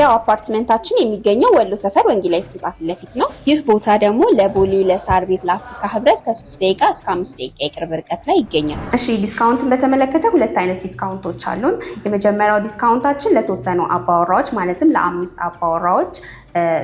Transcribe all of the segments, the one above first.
ያው አፓርትመንታችን የሚገኘው ወሎ ሰፈር ወንጌላይት ህንጻ ፊት ለፊት ነው። ይህ ቦታ ደግሞ ለቦሌ ለሳር ቤት ለአፍሪካ ህብረት ከሶስት ደቂቃ እስከ አምስት ደቂቃ የቅርብ ርቀት ላይ ይገኛል። እሺ ዲስካውንትን በተመለከተ ሁለት አይነት ዲስካውንቶች አሉን። የመጀመሪያው ዲስካውንታችን ለተወሰኑ አባወራዎች ማለትም ለአምስት አባወራዎች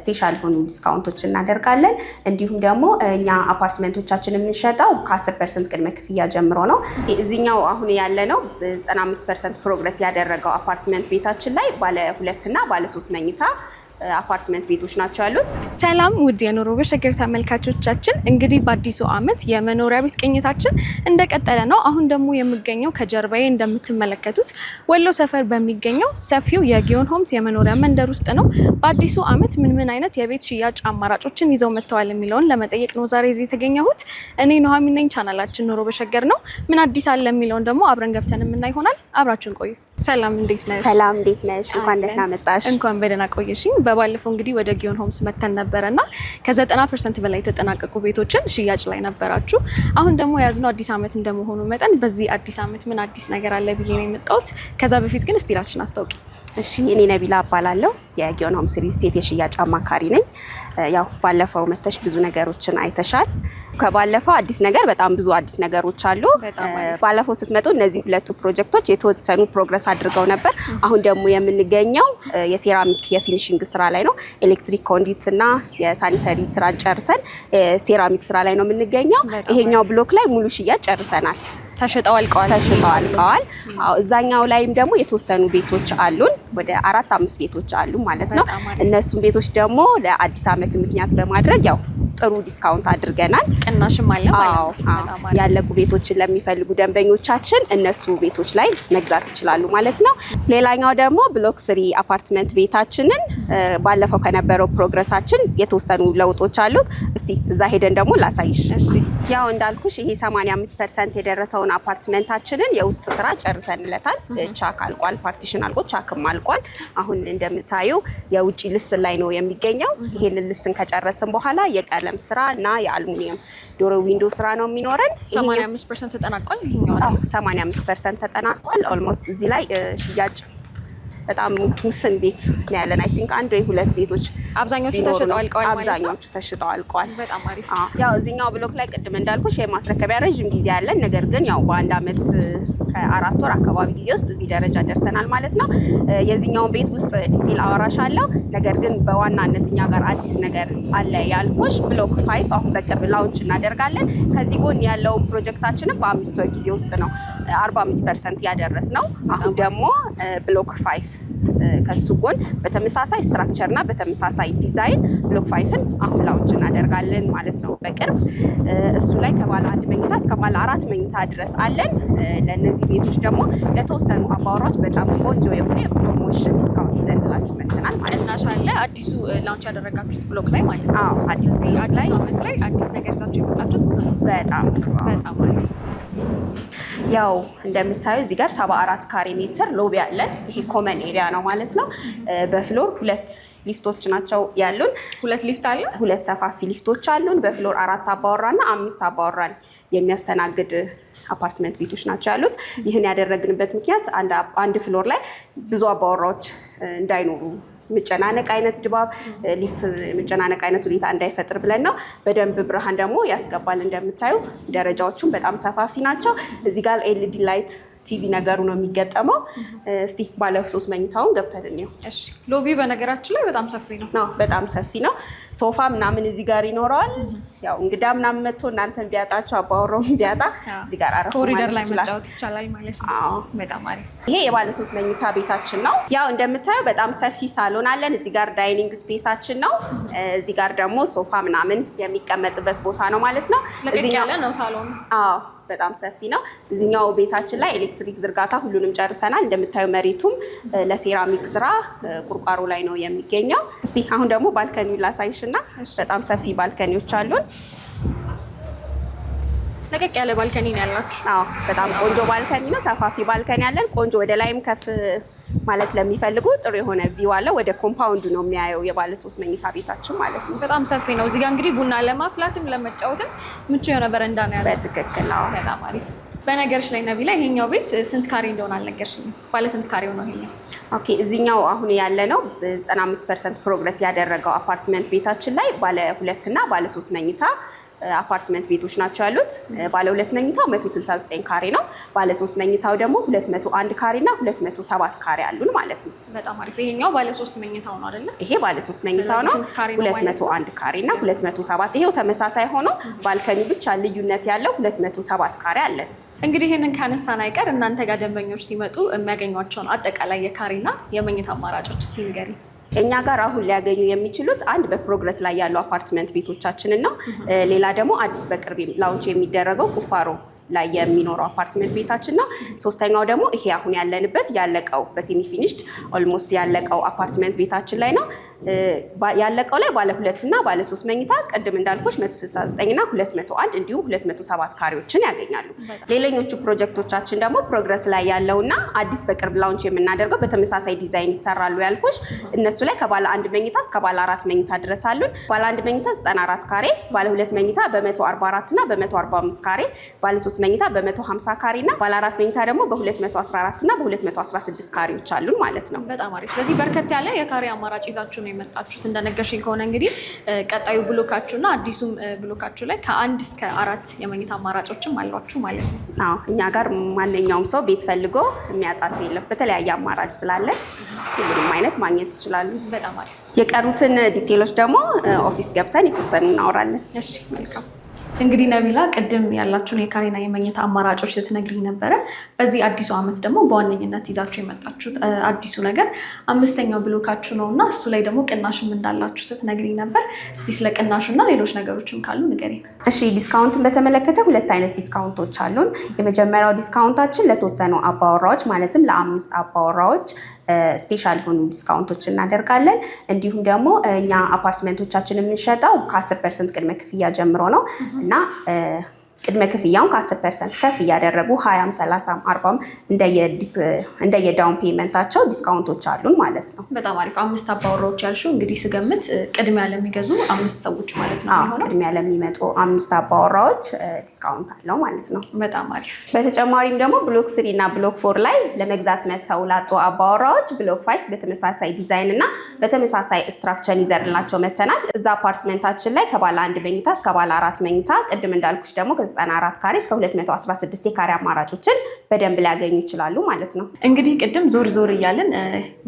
ስፔሻል የሆኑ ዲስካውንቶች እናደርጋለን። እንዲሁም ደግሞ እኛ አፓርትመንቶቻችን የምንሸጠው ከ10 ፐርሰንት ቅድመ ክፍያ ጀምሮ ነው። እዚኛው አሁን ያለ ነው 95 ፐርሰንት ፕሮግረስ ያደረገው አፓርትመንት ቤታችን ላይ ባለ ሁለትና ባለ ሶስት መኝታ አፓርትመንት ቤቶች ናቸው ያሉት። ሰላም ውድ የኑሮ በሸገር ተመልካቾቻችን፣ እንግዲህ በአዲሱ ዓመት የመኖሪያ ቤት ቅኝታችን እንደቀጠለ ነው። አሁን ደግሞ የምገኘው ከጀርባዬ እንደምትመለከቱት ወሎ ሰፈር በሚገኘው ሰፊው የጊዮን ሆምስ የመኖሪያ መንደር ውስጥ ነው። በአዲሱ ዓመት ምን ምን አይነት የቤት ሽያጭ አማራጮችን ይዘው መጥተዋል የሚለውን ለመጠየቅ ነው ዛሬ እዚህ የተገኘሁት። እኔ ኑሐሚን ቻናላችን ኑሮ በሸገር ነው። ምን አዲስ አለ የሚለውን ደግሞ አብረን ገብተን የምናይ ይሆናል። አብራችን ቆዩ። ሰላም እንዴት ነሽ? ሰላም እንዴት ነሽ? እንኳን ደህና መጣሽ። እንኳን በደህና ቆየሽኝ። በባለፈው እንግዲህ ወደ ጊዮን ሆምስ መተን ነበረና ከዘጠና ፐርሰንት በላይ የተጠናቀቁ ቤቶችን ሽያጭ ላይ ነበራችሁ። አሁን ደግሞ የያዝነው አዲስ ዓመት እንደመሆኑ መጠን በዚህ አዲስ ዓመት ምን አዲስ ነገር አለ ብዬ ነው የመጣሁት። ከዛ በፊት ግን እስቲ ራስሽን አስታውቂ። እሺ፣ እኔ ነቢላ እባላለሁ የጊዮን ሆም ሴት የሽያጭ አማካሪ ነኝ። ያው ባለፈው መተሽ ብዙ ነገሮችን አይተሻል። ከባለፈው አዲስ ነገር በጣም ብዙ አዲስ ነገሮች አሉ። ባለፈው ስትመጡ እነዚህ ሁለቱ ፕሮጀክቶች የተወሰኑ ፕሮግረስ አድርገው ነበር። አሁን ደግሞ የምንገኘው የሴራሚክ የፊኒሽንግ ስራ ላይ ነው። ኤሌክትሪክ ኮንዲት እና የሳኒተሪ ስራን ጨርሰን ሴራሚክ ስራ ላይ ነው የምንገኘው። ይሄኛው ብሎክ ላይ ሙሉ ሽያጭ ጨርሰናል። ተሽጠው አልቀዋል። ተሽጠው አልቀዋል። አዎ እዛኛው ላይም ደግሞ የተወሰኑ ቤቶች አሉን። ወደ አራት አምስት ቤቶች አሉ ማለት ነው። እነሱም ቤቶች ደግሞ ለአዲስ ዓመት ምክንያት በማድረግ ያው ጥሩ ዲስካውንት አድርገናል። ቅናሽም አለ ያለቁ ቤቶችን ለሚፈልጉ ደንበኞቻችን እነሱ ቤቶች ላይ መግዛት ይችላሉ ማለት ነው። ሌላኛው ደግሞ ብሎክ ስሪ አፓርትመንት ቤታችንን ባለፈው ከነበረው ፕሮግረሳችን የተወሰኑ ለውጦች አሉ እስቲ እዛ ሄደን ደግሞ ላሳይሽ። ያው እንዳልኩሽ ይሄ 85 ፐርሰንት የደረሰውን አፓርትመንታችንን የውስጥ ስራ ጨርሰንለታል። ቻክ አልቋል፣ ፓርቲሽን አልቆ ቻክም አልቋል። አሁን እንደምታዩ የውጭ ልስን ላይ ነው የሚገኘው። ይሄንን ልስን ከጨረስን በኋላ የቀለ የቀለም ስራ እና የአልሙኒየም ዶሮ ዊንዶ ስራ ነው የሚኖረን። 85 ፐርሰንት ተጠናቋል። 85 ፐርሰንት ተጠናቋል። ኦልሞስት እዚህ ላይ ሽያጭ በጣም ውስን ቤት ነው ያለን። አይ ቲንክ አንድ ወይ ሁለት ቤቶች አብዛኞቹ ተሽጠው አልቀዋል አብዛኞቹ ተሽጠው አልቀዋል። በጣም አሪፍ። ያው እዚህኛው ብሎክ ላይ ቅድም እንዳልኩሽ የማስረከቢያ ረዥም ጊዜ ያለን፣ ነገር ግን ያው በአንድ አመት ከአራት ወር አካባቢ ጊዜ ውስጥ እዚህ ደረጃ ደርሰናል ማለት ነው። የዚህኛውን ቤት ውስጥ ዲቴል አወራሽ አለው። ነገር ግን በዋናነት እኛ ጋር አዲስ ነገር አለ ያልኩሽ ብሎክ ፋይቭ አሁን በቅርብ ላውንች እናደርጋለን። ከዚህ ጎን ያለው ፕሮጀክታችንም በአምስት ወር ጊዜ ውስጥ ነው 45 ፐርሰንት ያደረስ ነው። አሁን ደግሞ ብሎክ ፋይፍ ከሱ ጎን በተመሳሳይ ስትራክቸር እና በተመሳሳይ ዲዛይን ብሎክ ፋይፍን አሁን ላውንች እናደርጋለን ማለት ነው በቅርብ። እሱ ላይ ከባለ አንድ መኝታ እስከ ባለ አራት መኝታ ድረስ አለን። ለእነዚህ ቤቶች ደግሞ ለተወሰኑ አባወራዎች በጣም ቆንጆ የሆነ የፕሮሞሽን እስካሁን ይዘንላችሁ መጥተናል ማለት ነው። አዲሱ ላውንች ያደረጋችሁት ብሎክ ላይ ማለት ነው። አዲስ ላይ አዲስ ነገር ይዛችሁ የመጣችሁት እሱ ነው። በጣም ጥሩ በጣም ያው እንደምታዩ እዚህ ጋር ሰባ አራት ካሬ ሜትር ሎቢ ያለን ይሄ ኮመን ኤሪያ ነው ማለት ነው። በፍሎር ሁለት ሊፍቶች ናቸው ያሉን። ሁለት ሊፍት አለ። ሁለት ሰፋፊ ሊፍቶች አሉን። በፍሎር አራት አባወራ እና አምስት አባወራን የሚያስተናግድ አፓርትመንት ቤቶች ናቸው ያሉት። ይህን ያደረግንበት ምክንያት አንድ ፍሎር ላይ ብዙ አባወራዎች እንዳይኖሩ መጨናነቅ አይነት ድባብ ሊፍት የምጨናነቅ አይነት ሁኔታ እንዳይፈጥር ብለን ነው። በደንብ ብርሃን ደግሞ ያስገባል። እንደምታዩ ደረጃዎቹም በጣም ሰፋፊ ናቸው። እዚህ ጋር ኤልዲ ላይት ቲቪ ነገሩ ነው የሚገጠመው። እስቲ ባለ ሶስት መኝታውን ገብተልን ው ሎቢ በነገራችን ላይ በጣም ሰፊ ነው። በጣም ሰፊ ነው። ሶፋ ምናምን እዚህ ጋር ይኖረዋል። ያው እንግዳ ምናምን መጥቶ እናንተን ቢያጣቸው አባወራው ቢያጣ እዚህ ጋር አረፍ ኮሪደር ላይ መጫወት ይቻላል ማለት ነው። በጣም አሪፍ። ይሄ የባለ ሶስት መኝታ ቤታችን ነው። ያው እንደምታየው በጣም ሰፊ ሳሎን አለን። እዚህ ጋር ዳይኒንግ ስፔሳችን ነው። እዚህ ጋር ደግሞ ሶፋ ምናምን የሚቀመጥበት ቦታ ነው ማለት ነው። ለቅቅ ያለ ነው ሳሎን። አዎ በጣም ሰፊ ነው። እዚኛው ቤታችን ላይ ኤሌክትሪክ ዝርጋታ ሁሉንም ጨርሰናል። እንደምታዩ መሬቱም ለሴራሚክ ስራ ቁርቋሮ ላይ ነው የሚገኘው። እስቲ አሁን ደግሞ ባልከኒ ላሳይሽ እና በጣም ሰፊ ባልከኒዎች አሉን። ለቀቅ ያለ ባልከኒ ነው ያላችሁ። በጣም ቆንጆ ባልከኒ ነው። ሰፋፊ ባልከኒ አለን። ቆንጆ ወደ ላይም ከፍ ማለት ለሚፈልጉ ጥሩ የሆነ ቪው አለ። ወደ ኮምፓውንዱ ነው የሚያየው የባለ ሶስት መኝታ ቤታችን ማለት ነው። በጣም ሰፊ ነው። እዚጋ እንግዲህ ቡና ለማፍላትም ለመጫወትም ምቹ የሆነ በረንዳ ነው ያለው። በትክክል በጣም አሪፍ። በነገርሽ ላይ ነቢላ ይሄኛው ቤት ስንት ካሬ እንደሆነ አልነገርሽኝም። ባለ ስንት ካሬው ነው ይሄኛው? ኦኬ እዚኛው አሁን ያለ ነው 95 ፐርሰንት ፕሮግረስ ያደረገው አፓርትመንት ቤታችን ላይ ባለ ሁለት እና ባለ ሶስት መኝታ አፓርትመንት ቤቶች ናቸው ያሉት። ባለ ሁለት መኝታው 169 ካሬ ነው። ባለ ሶስት መኝታው ደግሞ 201 ካሬ እና 207 ካሬ አሉን ማለት ነው። በጣም አሪፍ። ይሄኛው ባለ ሶስት መኝታው ነው አይደለ? ይሄ ባለ ሶስት መኝታው ነው። 201 ካሬ እና 207 ይሄው ተመሳሳይ ሆኖ ባልከኒ ብቻ ልዩነት ያለው 207 ካሬ አለን። እንግዲህ ይህንን ካነሳን አይቀር እናንተ ጋር ደንበኞች ሲመጡ የሚያገኟቸውን አጠቃላይ የካሬና የመኝታ አማራጮች እስቲ ንገሪ። እኛ ጋር አሁን ሊያገኙ የሚችሉት አንድ በፕሮግረስ ላይ ያሉ አፓርትመንት ቤቶቻችን ነው። ሌላ ደግሞ አዲስ በቅርብ ላውንች የሚደረገው ቁፋሮ ላይ የሚኖረው አፓርትመንት ቤታችን ነው። ሶስተኛው ደግሞ ይሄ አሁን ያለንበት ያለቀው በሴሚ ፊኒሽድ ኦልሞስት ያለቀው አፓርትመንት ቤታችን ላይ ነው። ያለቀው ላይ ባለ ሁለት እና ባለ ሶስት መኝታ ቅድም እንዳልኮች 169 እና 201 እንዲሁም 207 ካሬዎችን ያገኛሉ። ሌሎኞቹ ፕሮጀክቶቻችን ደግሞ ፕሮግረስ ላይ ያለው እና አዲስ በቅርብ ላውንች የምናደርገው በተመሳሳይ ዲዛይን ይሰራሉ ያልኮች እነሱ ላይ ከባለ አንድ መኝታ እስከ ባለ አራት መኝታ ድረስ አሉን። ባለ አንድ መኝታ 94 ካሬ፣ ባለ ሁለት መኝታ በ144 እና በ145 ካሬ፣ ባለ ሶስት ባለሶስት መኝታ በ150 ካሬ እና ባለአራት መኝታ ደግሞ በ214 እና በ216 ካሬዎች አሉን ማለት ነው። በጣም አሪፍ። ስለዚህ በርከት ያለ የካሬ አማራጭ ይዛችሁ ነው የመጣችሁት። እንደነገርሽኝ ከሆነ እንግዲህ ቀጣዩ ብሎካችሁና አዲሱም ብሎካችሁ ላይ ከአንድ እስከ አራት የመኝታ አማራጮችም አሏችሁ ማለት ነው። አዎ እኛ ጋር ማንኛውም ሰው ቤት ፈልጎ የሚያጣ ሰው የለም። በተለያየ አማራጭ ስላለ ሁሉንም አይነት ማግኘት ይችላሉ። በጣም አሪፍ። የቀሩትን ዲቴሎች ደግሞ ኦፊስ ገብተን የተወሰኑ እናወራለን። እሺ፣ መልካም እንግዲህ ነቢላ ቅድም ያላችሁን የካሬና የመኝታ አማራጮች ስትነግሪኝ ነበረ። በዚህ አዲሱ ዓመት ደግሞ በዋነኝነት ይዛችሁ የመጣችሁት አዲሱ ነገር አምስተኛው ብሎካችሁ ነው እና እሱ ላይ ደግሞ ቅናሽም እንዳላችሁ ስትነግሪኝ ነበር። እስቲ ስለ ቅናሹ እና ሌሎች ነገሮችም ካሉ ንገሪኝ። እሺ፣ ዲስካውንትን በተመለከተ ሁለት አይነት ዲስካውንቶች አሉን። የመጀመሪያው ዲስካውንታችን ለተወሰኑ አባወራዎች ማለትም ለአምስት አባወራዎች ስፔሻል የሆኑ ዲስካውንቶች እናደርጋለን። እንዲሁም ደግሞ እኛ አፓርትመንቶቻችን የምንሸጠው ከአስር ፐርሰንት ቅድመ ክፍያ ጀምሮ ነው እና ቅድመ ክፍያውን ከ10 ፐርሰንት ከፍ እያደረጉ 20፣ 30፣ 40 እንደየዳውን ፔመንታቸው ዲስካውንቶች አሉን ማለት ነው። በጣም አሪፍ። አምስት አባወራዎች ያልሺው እንግዲህ ስገምት ቅድሚያ ለሚገዙ አምስት ሰዎች ማለት ነው። ቅድሚያ ለሚመጡ አምስት አባወራዎች ዲስካውንት አለው ማለት ነው። በጣም አሪፍ። በተጨማሪም ደግሞ ብሎክ ስሪ እና ብሎክ ፎር ላይ ለመግዛት መጥተው ላጡ አባወራዎች ብሎክ ፋይቭ በተመሳሳይ ዲዛይን እና በተመሳሳይ ስትራክቸር ይዘርላቸው መተናል። እዛ አፓርትመንታችን ላይ ከባለ አንድ መኝታ እስከ ባለ አራት መኝታ ቅድም እንዳልኩች ደግሞ ከ9 294 ካሬ እስከ 216 የካሬ አማራጮችን በደንብ ሊያገኙ ይችላሉ ማለት ነው። እንግዲህ ቅድም ዞር ዞር እያልን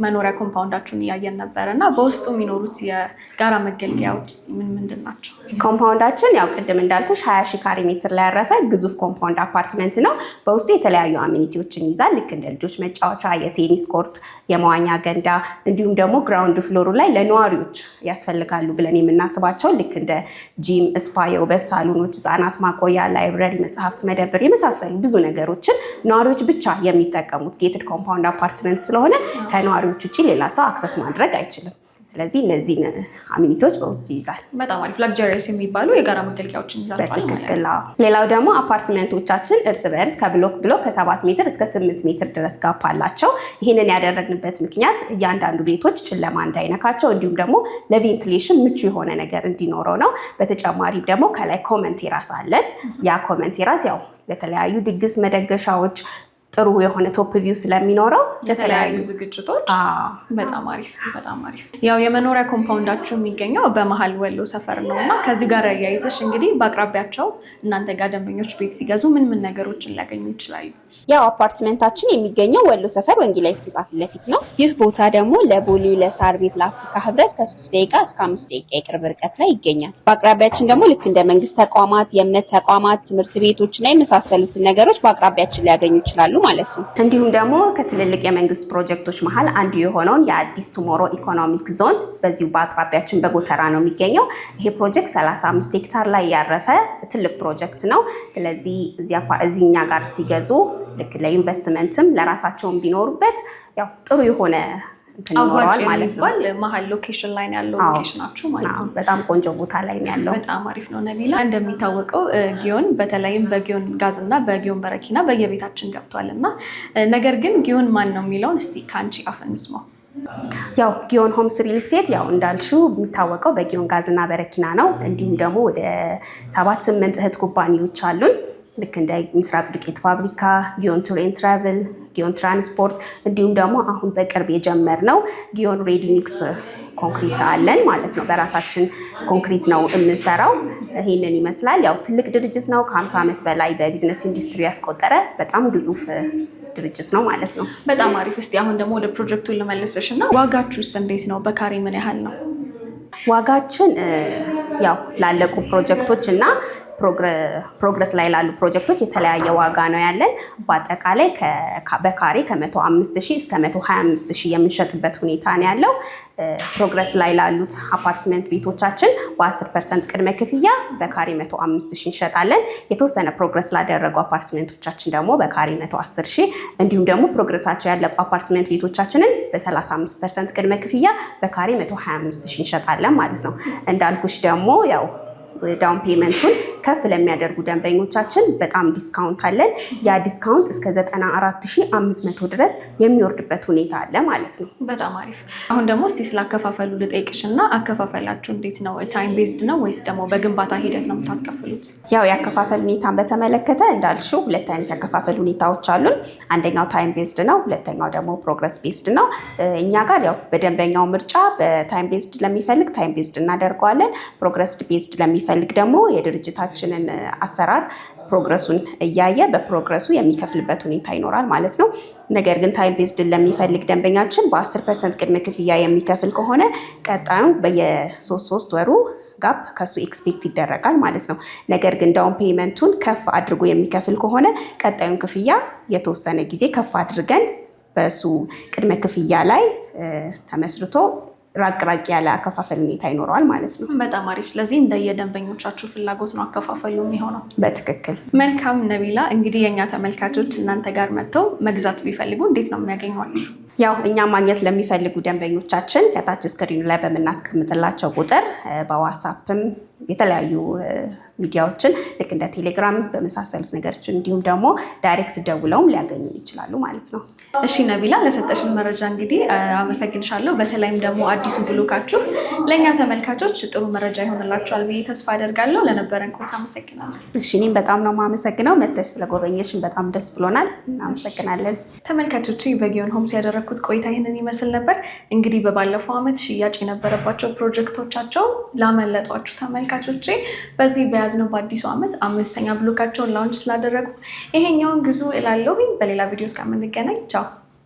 መኖሪያ ኮምፓውንዳችሁን እያየን ነበረ እና በውስጡ የሚኖሩት የጋራ መገልገያዎች ምን ምንድን ናቸው? ኮምፓውንዳችን ያው ቅድም እንዳልኩሽ 20 ሺ ካሬ ሜትር ላይ ያረፈ ግዙፍ ኮምፓውንድ አፓርትመንት ነው። በውስጡ የተለያዩ አሚኒቲዎችን ይዛል። ልክ እንደ ልጆች መጫወቻ፣ የቴኒስ ኮርት፣ የመዋኛ ገንዳ እንዲሁም ደግሞ ግራውንድ ፍሎሩ ላይ ለነዋሪዎች ያስፈልጋሉ ብለን የምናስባቸው ልክ እንደ ጂም፣ ስፓ፣ የውበት ሳሎኖች፣ ህጻናት ማቆያ ላይ ላይብረሪ፣ መጽሐፍት መደብር የመሳሰሉ ብዙ ነገሮችን ነዋሪዎች ብቻ የሚጠቀሙት ጌትድ ኮምፓውንድ አፓርትመንት ስለሆነ ከነዋሪዎች ውጭ ሌላ ሰው አክሰስ ማድረግ አይችልም። ስለዚህ እነዚህን አሚኒቶች በውስጡ ይይዛል። በጣም አሪፍ ላግጀሪስ የሚባሉ የጋራ መገልገያዎችን ይዛል። በትክክል ሌላው ደግሞ አፓርትመንቶቻችን እርስ በእርስ ከብሎክ ብሎክ ከሰባት ሜትር እስከ ስምንት ሜትር ድረስ ጋፕ አላቸው። ይህንን ያደረግንበት ምክንያት እያንዳንዱ ቤቶች ጨለማ እንዳይነካቸው እንዲሁም ደግሞ ለቬንቲሌሽን ምቹ የሆነ ነገር እንዲኖረው ነው። በተጨማሪም ደግሞ ከላይ ኮመን ቴራስ አለን። ያ ኮመን ቴራስ ያው ለተለያዩ ድግስ መደገሻዎች ጥሩ የሆነ ቶፕ ቪው ስለሚኖረው ለተለያዩ ዝግጅቶች በጣም አሪፍ በጣም አሪፍ። ያው የመኖሪያ ኮምፓውንዳቸው የሚገኘው በመሀል ወሎ ሰፈር ነው እና ከዚህ ጋር ያያይዘሽ እንግዲህ በአቅራቢያቸው እናንተ ጋር ደንበኞች ቤት ሲገዙ ምን ምን ነገሮችን ሊያገኙ ይችላሉ? ያው አፓርትመንታችን የሚገኘው ወሎ ሰፈር ወንጌላይት ህንጻ ፊት ለፊት ነው። ይህ ቦታ ደግሞ ለቦሌ ለሳር ቤት ለአፍሪካ ህብረት ከሶስት ደቂቃ እስከ አምስት ደቂቃ የቅርብ ርቀት ላይ ይገኛል። በአቅራቢያችን ደግሞ ልክ እንደ መንግስት ተቋማት፣ የእምነት ተቋማት፣ ትምህርት ቤቶችና የመሳሰሉትን ነገሮች በአቅራቢያችን ሊያገኙ ይችላሉ ማለት ነው። እንዲሁም ደግሞ ከትልልቅ የመንግስት ፕሮጀክቶች መሀል አንዱ የሆነውን የአዲስ ቱሞሮ ኢኮኖሚክ ዞን በዚሁ በአቅራቢያችን በጎተራ ነው የሚገኘው። ይሄ ፕሮጀክት 35 ሄክታር ላይ ያረፈ ትልቅ ፕሮጀክት ነው። ስለዚህ እዚኛ ጋር ሲገዙ ልክ ለኢንቨስትመንትም ለራሳቸውም ቢኖሩበት ያው ጥሩ የሆነ አዋጭ የሚባል መሀል ሎኬሽን ላይ ያለው ሎኬሽናችሁ ማለት ነው። በጣም ቆንጆ ቦታ ላይ ያለው በጣም አሪፍ ነው። ነቢላ እንደሚታወቀው ጊዮን በተለይም በጊዮን ጋዝ እና በጊዮን በረኪና በየቤታችን ገብቷል እና ነገር ግን ጊዮን ማን ነው የሚለውን እስቲ ከአንቺ አፍ እንስማው። ያው ጊዮን ሆምስ ሪል ስቴት ያው እንዳልሹ የሚታወቀው በጊዮን ጋዝና በረኪና ነው። እንዲሁም ደግሞ ወደ ሰባት ስምንት እህት ኩባንያዎች አሉን ልክ እንደ ምስራቅ ዱቄት ፋብሪካ፣ ጊዮን ቱሬን ትራቭል፣ ጊዮን ትራንስፖርት እንዲሁም ደግሞ አሁን በቅርብ የጀመርነው ጊዮን ሬዲ ሚክስ ኮንክሪት አለን ማለት ነው። በራሳችን ኮንክሪት ነው የምንሰራው። ይሄንን ይመስላል። ያው ትልቅ ድርጅት ነው። ከሀምሳ ዓመት በላይ በቢዝነስ ኢንዱስትሪ ያስቆጠረ በጣም ግዙፍ ድርጅት ነው ማለት ነው። በጣም አሪፍ። እስኪ አሁን ደግሞ ወደ ፕሮጀክቱን ልመለስሽ እና ዋጋችሁስ እንዴት ነው? በካሬ ምን ያህል ነው ዋጋችን? ያው ላለቁ ፕሮጀክቶች እና ፕሮግረስ ላይ ላሉ ፕሮጀክቶች የተለያየ ዋጋ ነው ያለን። በአጠቃላይ በካሬ ከ105 ሺህ እስከ 125 ሺህ የምንሸጥበት ሁኔታ ነው ያለው። ፕሮግረስ ላይ ላሉት አፓርትመንት ቤቶቻችን በ10 ፐርሰንት ቅድመ ክፍያ በካሬ 105 ሺህ እንሸጣለን። የተወሰነ ፕሮግረስ ላደረጉ አፓርትመንቶቻችን ደግሞ በካሬ 110 ሺህ እንዲሁም ደግሞ ፕሮግረሳቸው ያለቁ አፓርትመንት ቤቶቻችንን በ35 ፐርሰንት ቅድመ ክፍያ በካሬ 125 ሺህ እንሸጣለን ማለት ነው። እንዳልኩሽ ደግሞ ያው ዳውን ፔመንቱን ከፍ ለሚያደርጉ ደንበኞቻችን በጣም ዲስካውንት አለን። ያ ዲስካውንት እስከ 94500 ድረስ የሚወርድበት ሁኔታ አለ ማለት ነው። በጣም አሪፍ። አሁን ደግሞ እስቲ ስለ አከፋፈሉ ልጠይቅሽ እና አከፋፈላችሁ እንዴት ነው? ታይም ቤዝድ ነው ወይስ ደግሞ በግንባታ ሂደት ነው የምታስከፍሉት? ያው የአከፋፈል ሁኔታን በተመለከተ እንዳልሽው ሁለት አይነት ያከፋፈል ሁኔታዎች አሉን። አንደኛው ታይም ቤዝድ ነው፣ ሁለተኛው ደግሞ ፕሮግረስ ቤዝድ ነው። እኛ ጋር ያው በደንበኛው ምርጫ በታይም ቤዝድ ለሚፈልግ ታይም ቤዝድ እናደርገዋለን። ፕሮግረስ ቤዝድ ለሚፈልግ የሚፈልግ ደግሞ የድርጅታችንን አሰራር ፕሮግረሱን እያየ በፕሮግረሱ የሚከፍልበት ሁኔታ ይኖራል ማለት ነው። ነገር ግን ታይም ቤዝድን ለሚፈልግ ደንበኛችን በ10 ፐርሰንት ቅድመ ክፍያ የሚከፍል ከሆነ ቀጣዩ በየሶስት ሶስት ወሩ ጋፕ ከሱ ኤክስፔክት ይደረጋል ማለት ነው። ነገር ግን ዳውን ፔመንቱን ከፍ አድርጎ የሚከፍል ከሆነ ቀጣዩን ክፍያ የተወሰነ ጊዜ ከፍ አድርገን በሱ ቅድመ ክፍያ ላይ ተመስርቶ ራቅ ራቅ ያለ አከፋፈል ሁኔታ ይኖረዋል ማለት ነው። በጣም አሪፍ። ስለዚህ የደንበኞቻችሁ ፍላጎት ነው አከፋፈሉ የሚሆነው። በትክክል መልካም ነቢላ። እንግዲህ የእኛ ተመልካቾች እናንተ ጋር መጥተው መግዛት ቢፈልጉ እንዴት ነው የሚያገኟቸው? ያው እኛ ማግኘት ለሚፈልጉ ደንበኞቻችን ከታች ስክሪኑ ላይ በምናስቀምጥላቸው ቁጥር በዋትሳፕም የተለያዩ ሚዲያዎችን ልክ እንደ ቴሌግራም በመሳሰሉት ነገሮች እንዲሁም ደግሞ ዳይሬክት ደውለውም ሊያገኙ ይችላሉ ማለት ነው። እሺ ነቢላ ለሰጠሽን መረጃ እንግዲህ አመሰግንሻለሁ። በተለይም ደግሞ አዲሱ ብሎካችሁ ለእኛ ተመልካቾች ጥሩ መረጃ ይሆንላችኋል ብዬ ተስፋ አደርጋለሁ። ለነበረን ቆይታ አመሰግናለሁ። እሺ እኔም በጣም ነው የማመሰግነው። መተሽ ስለጎበኘሽን በጣም ደስ ብሎናል። እናመሰግናለን። ተመልካቾች በጊዮን ሆምስ ያደረግኩት ቆይታ ይህንን ይመስል ነበር። እንግዲህ በባለፈው ዓመት ሽያጭ የነበረባቸው ፕሮጀክቶቻቸው ላመለጧችሁ ተመልካቾቼ በዚህ በያ በያዝነው በአዲሱ ዓመት አምስተኛ ብሎካቸውን ላውንች ስላደረጉ ይሄኛውን ግዙ እላለሁኝ። በሌላ ቪዲዮ እስከምንገናኝ ቻው።